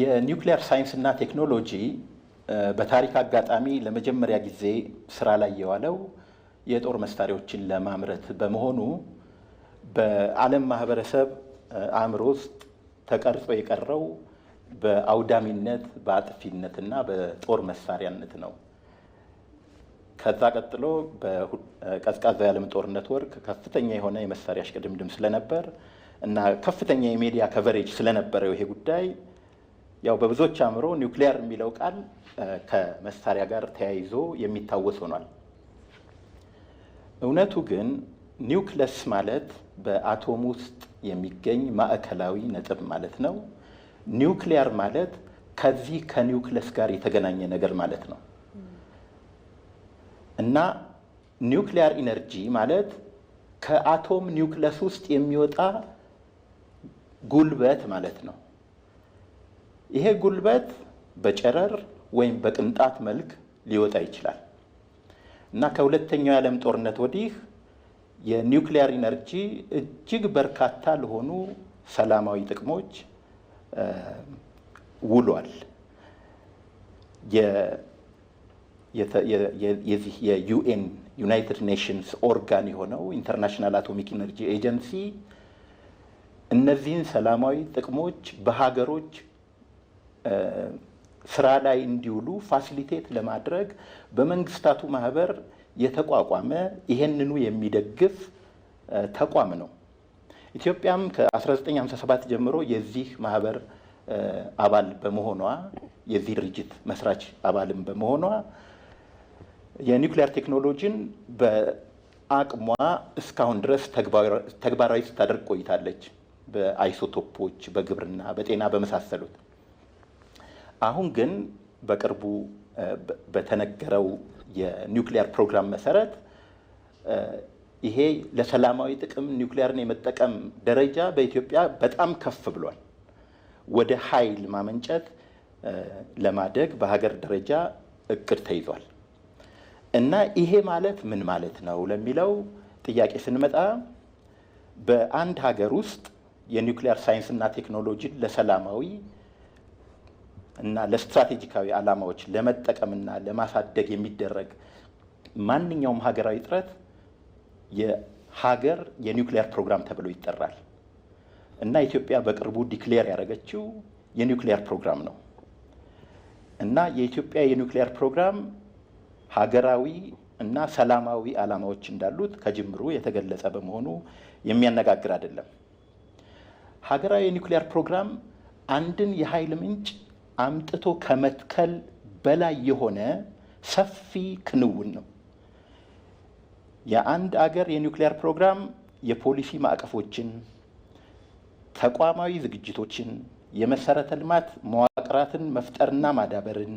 የኒውክሊየር እና ቴክኖሎጂ በታሪክ አጋጣሚ ለመጀመሪያ ጊዜ ስራ ላይ የዋለው የጦር መሳሪያዎችን ለማምረት በመሆኑ በዓለም ማህበረሰብ አእምሮ ውስጥ ተቀርጾ የቀረው በአውዳሚነት እና በጦር መሳሪያነት ነው። ከዛ ቀጥሎ በቀዝቃዛ የዓለም ጦርነት ወቅት ከፍተኛ የሆነ የመሳሪያ እሽቅድምድም ስለነበር እና ከፍተኛ የሚዲያ ከቨሬጅ ስለነበረው ይሄ ጉዳይ ያው በብዙዎች አእምሮ ኒውክሊያር የሚለው ቃል ከመሳሪያ ጋር ተያይዞ የሚታወስ ሆኗል። እውነቱ ግን ኒውክለስ ማለት በአቶም ውስጥ የሚገኝ ማዕከላዊ ነጥብ ማለት ነው። ኒውክሊየር ማለት ከዚህ ከኒውክለስ ጋር የተገናኘ ነገር ማለት ነው እና ኒውክሊየር ኢነርጂ ማለት ከአቶም ኒውክለስ ውስጥ የሚወጣ ጉልበት ማለት ነው። ይሄ ጉልበት በጨረር ወይም በቅንጣት መልክ ሊወጣ ይችላል እና ከሁለተኛው የዓለም ጦርነት ወዲህ የኒውክሊያር ኢነርጂ እጅግ በርካታ ለሆኑ ሰላማዊ ጥቅሞች ውሏል። የዚህ የዩኤን ዩናይትድ ኔሽንስ ኦርጋን የሆነው ኢንተርናሽናል አቶሚክ ኢነርጂ ኤጀንሲ እነዚህን ሰላማዊ ጥቅሞች በሀገሮች ስራ ላይ እንዲውሉ ፋሲሊቴት ለማድረግ በመንግስታቱ ማህበር የተቋቋመ ይሄንኑ የሚደግፍ ተቋም ነው። ኢትዮጵያም ከ1957 ጀምሮ የዚህ ማህበር አባል በመሆኗ የዚህ ድርጅት መስራች አባልም በመሆኗ የኒውክሊየር ቴክኖሎጂን በአቅሟ እስካሁን ድረስ ተግባራዊ ስታደርግ ቆይታለች። በአይሶቶፖች፣ በግብርና፣ በጤና በመሳሰሉት አሁን ግን በቅርቡ በተነገረው የኒውክሊያር ፕሮግራም መሰረት ይሄ ለሰላማዊ ጥቅም ኒውክሊየርን የመጠቀም ደረጃ በኢትዮጵያ በጣም ከፍ ብሏል። ወደ ኃይል ማመንጨት ለማደግ በሀገር ደረጃ እቅድ ተይዟል እና ይሄ ማለት ምን ማለት ነው ለሚለው ጥያቄ ስንመጣ በአንድ ሀገር ውስጥ ሳይንስ ሳይንስና ቴክኖሎጂን ለሰላማዊ እና ለስትራቴጂካዊ ዓላማዎች ለመጠቀምና ለማሳደግ የሚደረግ ማንኛውም ሀገራዊ ጥረት የሀገር የኒውክሊየር ፕሮግራም ተብሎ ይጠራል እና ኢትዮጵያ በቅርቡ ዲክሌር ያደረገችው የኒውክሊየር ፕሮግራም ነው እና የኢትዮጵያ የኒውክሊየር ፕሮግራም ሀገራዊ እና ሰላማዊ ዓላማዎች እንዳሉት ከጅምሩ የተገለጸ በመሆኑ የሚያነጋግር አይደለም። ሀገራዊ የኒውክሊየር ፕሮግራም አንድን የኃይል ምንጭ አምጥቶ ከመትከል በላይ የሆነ ሰፊ ክንውን ነው። የአንድ አገር የኒውክሊየር ፕሮግራም የፖሊሲ ማዕቀፎችን፣ ተቋማዊ ዝግጅቶችን፣ የመሰረተ ልማት መዋቅራትን መፍጠርና ማዳበርን፣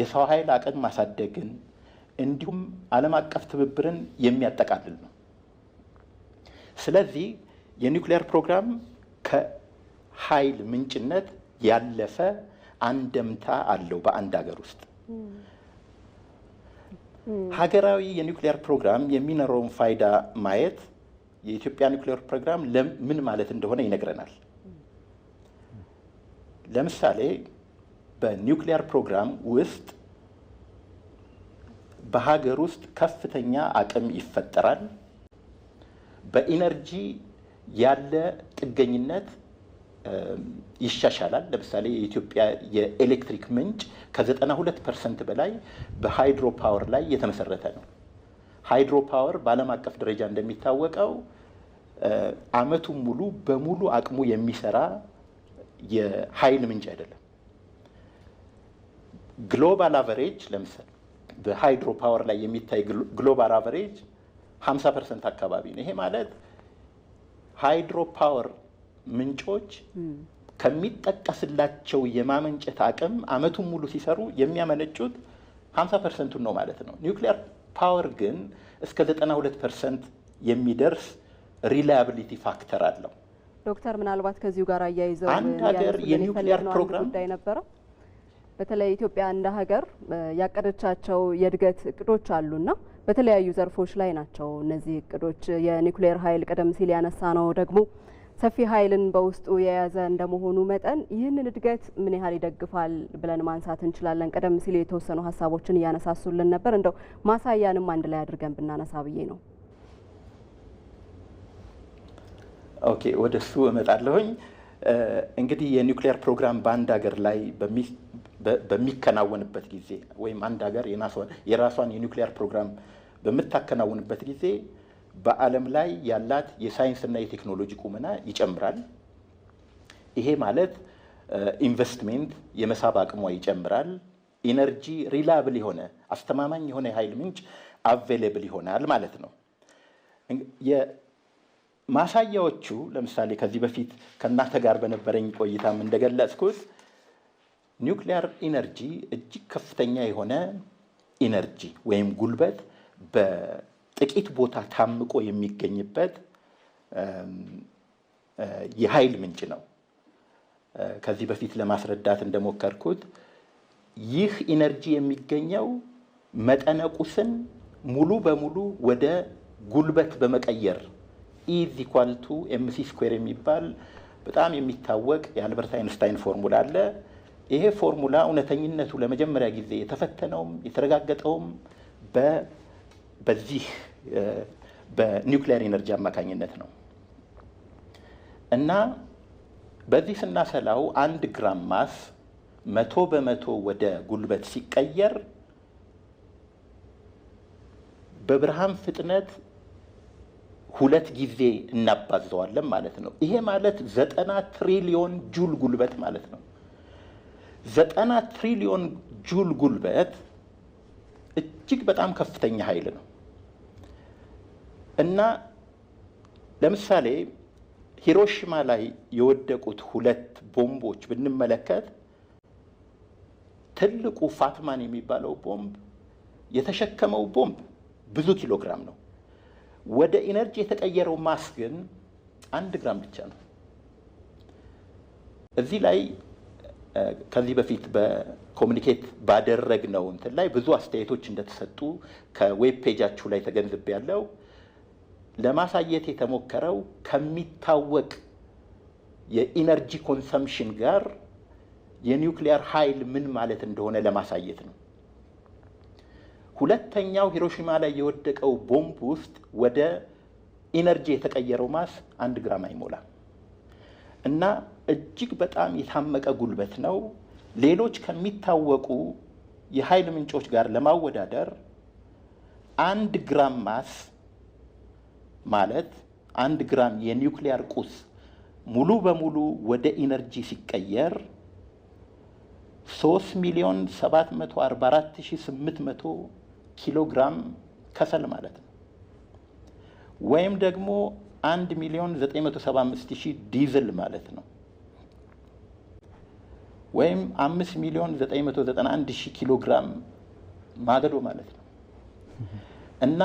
የሰው ኃይል አቅም ማሳደግን እንዲሁም ዓለም አቀፍ ትብብርን የሚያጠቃልል ነው። ስለዚህ የኒውክሊየር ፕሮግራም ከኃይል ምንጭነት ያለፈ አንደምታ አለው በአንድ ሀገር ውስጥ ሀገራዊ የኒውክሊየር ፕሮግራም የሚኖረውን ፋይዳ ማየት የኢትዮጵያ ኒውክሊየር ፕሮግራም ምን ማለት እንደሆነ ይነግረናል። ለምሳሌ በኒውክሊየር ፕሮግራም ውስጥ በሀገር ውስጥ ከፍተኛ አቅም ይፈጠራል። በኢነርጂ ያለ ጥገኝነት ይሻሻላል። ለምሳሌ የኢትዮጵያ የኤሌክትሪክ ምንጭ ከ92 ፐርሰንት በላይ በሃይድሮ ፓወር ላይ የተመሰረተ ነው። ሃይድሮ ፓወር በዓለም አቀፍ ደረጃ እንደሚታወቀው አመቱን ሙሉ በሙሉ አቅሙ የሚሰራ የኃይል ምንጭ አይደለም። ግሎባል አቨሬጅ ለምሳሌ በሃይድሮ ፓወር ላይ የሚታይ ግሎባል አቨሬጅ 50 ፐርሰንት አካባቢ ነው። ይሄ ማለት ሃይድሮ ፓወር ምንጮች ከሚጠቀስላቸው የማመንጨት አቅም አመቱን ሙሉ ሲሰሩ የሚያመነጩት 50 ፐርሰንቱን ነው ማለት ነው። ኒውክሊየር ፓወር ግን እስከ 92 ፐርሰንት የሚደርስ ሪላያብሊቲ ፋክተር አለው። ዶክተር ምናልባት ከዚሁ ጋር አያይዘው አንድ ሀገር የኒውክሊየር ፕሮግራም ጉዳይ ነበረ። በተለይ ኢትዮጵያ እንደ ሀገር ያቀደቻቸው የእድገት እቅዶች አሉና በተለያዩ ዘርፎች ላይ ናቸው እነዚህ እቅዶች የኒውክሊየር ኃይል ቀደም ሲል ያነሳ ነው ደግሞ ሰፊ ኃይልን በውስጡ የያዘ እንደመሆኑ መጠን ይህንን እድገት ምን ያህል ይደግፋል ብለን ማንሳት እንችላለን? ቀደም ሲል የተወሰኑ ሀሳቦችን እያነሳሱልን ነበር። እንደው ማሳያንም አንድ ላይ አድርገን ብናነሳ ብዬ ነው። ኦኬ፣ ወደ እሱ እመጣለሁኝ። እንግዲህ የኒውክሊየር ፕሮግራም በአንድ ሀገር ላይ በሚከናወንበት ጊዜ ወይም አንድ ሀገር የራሷን የኒውክሊየር ፕሮግራም በምታከናውንበት ጊዜ በዓለም ላይ ያላት የሳይንስና የቴክኖሎጂ ቁመና ይጨምራል። ይሄ ማለት ኢንቨስትሜንት uh, የመሳብ አቅሟ ይጨምራል። ኢነርጂ ሪላብል የሆነ አስተማማኝ የሆነ የኃይል ምንጭ አቬሌብል ይሆናል ማለት ነው። ማሳያዎቹ ለምሳሌ ከዚህ በፊት ከእናንተ ጋር በነበረኝ ቆይታም እንደገለጽኩት ኒውክሊያር ኢነርጂ እጅግ ከፍተኛ የሆነ ኢነርጂ ወይም ጉልበት ጥቂት ቦታ ታምቆ የሚገኝበት የኃይል ምንጭ ነው። ከዚህ በፊት ለማስረዳት እንደሞከርኩት ይህ ኢነርጂ የሚገኘው መጠነቁስን ሙሉ በሙሉ ወደ ጉልበት በመቀየር ኢዝ ኢኳል ቱ ኤምሲ ስኩዌር የሚባል በጣም የሚታወቅ የአልበርት አይንስታይን ፎርሙላ አለ። ይሄ ፎርሙላ እውነተኝነቱ ለመጀመሪያ ጊዜ የተፈተነውም የተረጋገጠውም በ በዚህ በኒውክሊየር ኤነርጂ አማካኝነት ነው እና በዚህ ስናሰላው አንድ ግራም ማስ መቶ በመቶ ወደ ጉልበት ሲቀየር በብርሃን ፍጥነት ሁለት ጊዜ እናባዘዋለን ማለት ነው። ይሄ ማለት ዘጠና ትሪሊዮን ጁል ጉልበት ማለት ነው። ዘጠና ትሪሊዮን ጁል ጉልበት እጅግ በጣም ከፍተኛ ኃይል ነው እና ለምሳሌ ሂሮሽማ ላይ የወደቁት ሁለት ቦምቦች ብንመለከት ትልቁ ፋትማን የሚባለው ቦምብ የተሸከመው ቦምብ ብዙ ኪሎ ግራም ነው። ወደ ኢነርጂ የተቀየረው ማስ ግን አንድ ግራም ብቻ ነው። እዚህ ላይ ከዚህ በፊት በኮሚኒኬት ነው እንትን ላይ ብዙ አስተያየቶች እንደተሰጡ ከዌብ ፔጃችሁ ላይ ተገንዝብ ያለው ለማሳየት የተሞከረው ከሚታወቅ የኢነርጂ ኮንሰምሽን ጋር የኒውክሊየር ኃይል ምን ማለት እንደሆነ ለማሳየት ነው። ሁለተኛው ሂሮሺማ ላይ የወደቀው ቦምብ ውስጥ ወደ ኢነርጂ የተቀየረው ማስ አንድ ግራም አይሞላም እና እጅግ በጣም የታመቀ ጉልበት ነው። ሌሎች ከሚታወቁ የኃይል ምንጮች ጋር ለማወዳደር አንድ ግራም ማስ ማለት አንድ ግራም የኒውክሊያር ቁስ ሙሉ በሙሉ ወደ ኢነርጂ ሲቀየር 3 ሚሊዮን 744800 ኪሎ ግራም ከሰል ማለት ነው። ወይም ደግሞ 1 ሚሊዮን 975000 ዲዝል ማለት ነው። ወይም 5 ሚሊዮን አንድ ሺህ ኪሎ ግራም ማገዶ ማለት ነው። እና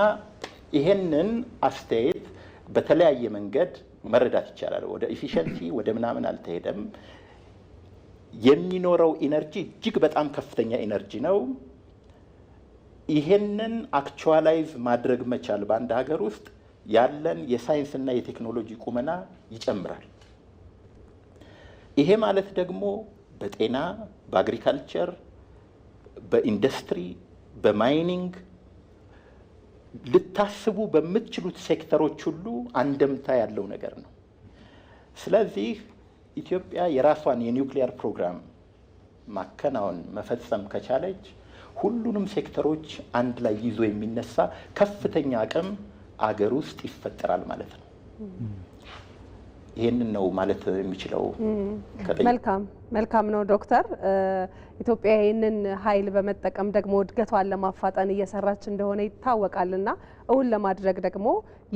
ይሄንን አስተያየት በተለያየ መንገድ መረዳት ይቻላል። ወደ ኢፊሸንሲ ወደ ምናምን አልተሄደም። የሚኖረው ኢነርጂ እጅግ በጣም ከፍተኛ ኢነርጂ ነው። ይሄንን አክቹዋላይዝ ማድረግ መቻል በአንድ ሀገር ውስጥ ያለን የሳይንስ ና የቴክኖሎጂ ቁመና ይጨምራል። ይሄ ማለት ደግሞ በጤና፣ በአግሪካልቸር፣ በኢንዱስትሪ፣ በማይኒንግ ልታስቡ በምትችሉት ሴክተሮች ሁሉ አንደምታ ያለው ነገር ነው። ስለዚህ ኢትዮጵያ የራሷን የኒውክሊየር ፕሮግራም ማከናወን መፈጸም ከቻለች ሁሉንም ሴክተሮች አንድ ላይ ይዞ የሚነሳ ከፍተኛ አቅም አገር ውስጥ ይፈጠራል ማለት ነው። ይህንን ነው ማለት የሚችለው። መልካም መልካም ነው ዶክተር። ኢትዮጵያ ይህንን ኃይል በመጠቀም ደግሞ እድገቷን ለማፋጠን እየሰራች እንደሆነ ይታወቃልና እውን ለማድረግ ደግሞ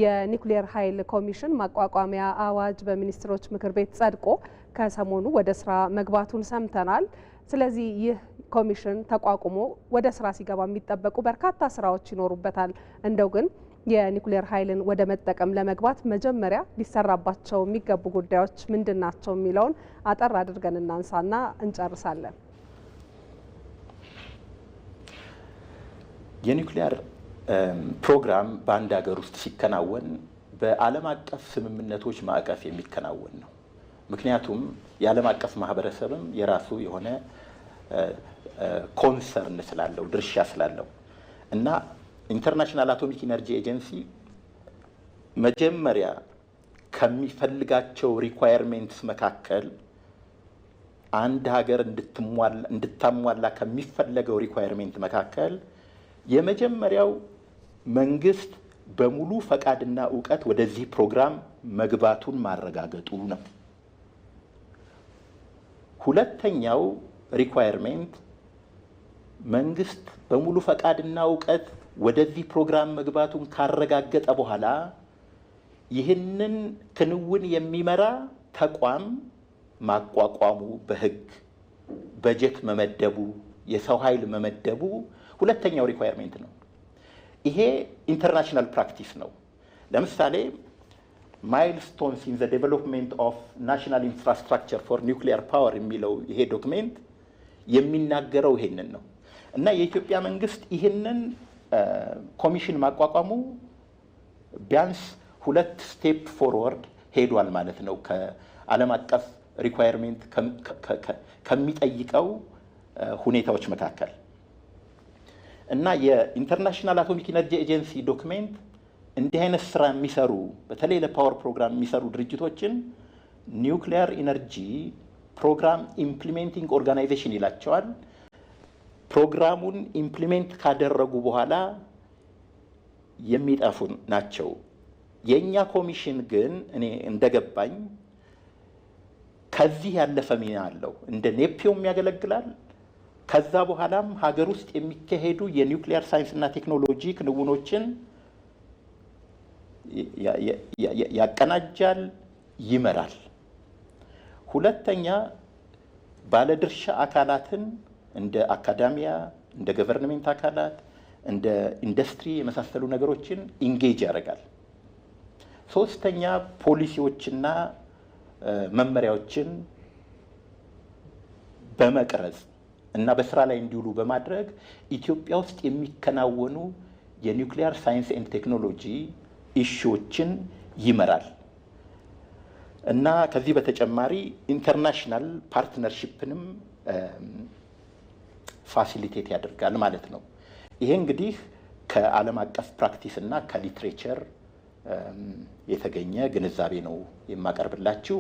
የኒውክሌር ኃይል ኮሚሽን ማቋቋሚያ አዋጅ በሚኒስትሮች ምክር ቤት ጸድቆ ከሰሞኑ ወደ ስራ መግባቱን ሰምተናል። ስለዚህ ይህ ኮሚሽን ተቋቁሞ ወደ ስራ ሲገባ የሚጠበቁ በርካታ ስራዎች ይኖሩበታል። እንደው ግን የኒውክሌር ኃይልን ወደ መጠቀም ለመግባት መጀመሪያ ሊሰራባቸው የሚገቡ ጉዳዮች ምንድን ናቸው የሚለውን አጠር አድርገን እናንሳና እንጨርሳለን። የኒውክሌር ፕሮግራም በአንድ ሀገር ውስጥ ሲከናወን በዓለም አቀፍ ስምምነቶች ማዕቀፍ የሚከናወን ነው። ምክንያቱም የዓለም አቀፍ ማህበረሰብም የራሱ የሆነ ኮንሰርን ስላለው ድርሻ ስላለው እና ኢንተርናሽናል አቶሚክ ኢነርጂ ኤጀንሲ መጀመሪያ ከሚፈልጋቸው ሪኳየርሜንትስ መካከል አንድ ሀገር እንድታሟላ ከሚፈለገው ሪኳየርሜንት መካከል የመጀመሪያው መንግስት በሙሉ ፈቃድና እውቀት ወደዚህ ፕሮግራም መግባቱን ማረጋገጡ ነው። ሁለተኛው ሪኳየርሜንት መንግስት በሙሉ ፈቃድና እውቀት ወደዚህ ፕሮግራም መግባቱን ካረጋገጠ በኋላ ይህንን ክንውን የሚመራ ተቋም ማቋቋሙ በህግ በጀት መመደቡ፣ የሰው ኃይል መመደቡ ሁለተኛው ሪኳየርሜንት ነው። ይሄ ኢንተርናሽናል ፕራክቲስ ነው። ለምሳሌ ማይልስቶንስ ኢን ዘ ዴቨሎፕሜንት ኦፍ ናሽናል ኢንፍራስትራክቸር ፎር ኒውክሊየር ፓወር የሚለው ይሄ ዶክሜንት የሚናገረው ይሄንን ነው እና የኢትዮጵያ መንግስት ይህንን ኮሚሽን ማቋቋሙ ቢያንስ ሁለት ስቴፕ ፎርወርድ ሄዷል ማለት ነው። ከዓለም አቀፍ ሪኳየርሜንት ከሚጠይቀው ሁኔታዎች መካከል እና የኢንተርናሽናል አቶሚክ ኢነርጂ ኤጀንሲ ዶክሜንት እንዲህ አይነት ስራ የሚሰሩ በተለይ ለፓወር ፕሮግራም የሚሰሩ ድርጅቶችን ኒውክሊየር ኢነርጂ ፕሮግራም ኢምፕሊሜንቲንግ ኦርጋናይዜሽን ይላቸዋል። ፕሮግራሙን ኢምፕሊሜንት ካደረጉ በኋላ የሚጠፉ ናቸው። የእኛ ኮሚሽን ግን እኔ እንደገባኝ ከዚህ ያለፈ ሚና አለው። እንደ ኔፒዮም ያገለግላል። ከዛ በኋላም ሀገር ውስጥ የሚካሄዱ የኒውክሊየር ሳይንስና ቴክኖሎጂ ክንውኖችን ያቀናጃል፣ ይመራል። ሁለተኛ ባለድርሻ አካላትን እንደ አካዳሚያ፣ እንደ ገቨርንሜንት አካላት፣ እንደ ኢንዱስትሪ የመሳሰሉ ነገሮችን ኢንጌጅ ያደርጋል። ሶስተኛ ፖሊሲዎችና መመሪያዎችን በመቅረጽ እና በስራ ላይ እንዲውሉ በማድረግ ኢትዮጵያ ውስጥ የሚከናወኑ የኒውክሊያር ሳይንስ ኤንድ ቴክኖሎጂ ኢሹዎችን ይመራል እና ከዚህ በተጨማሪ ኢንተርናሽናል ፓርትነርሽፕንም። ፋሲሊቴት ያደርጋል ማለት ነው። ይሄ እንግዲህ ከዓለም አቀፍ ፕራክቲስ እና ከሊትሬቸር የተገኘ ግንዛቤ ነው የማቀርብላችሁ።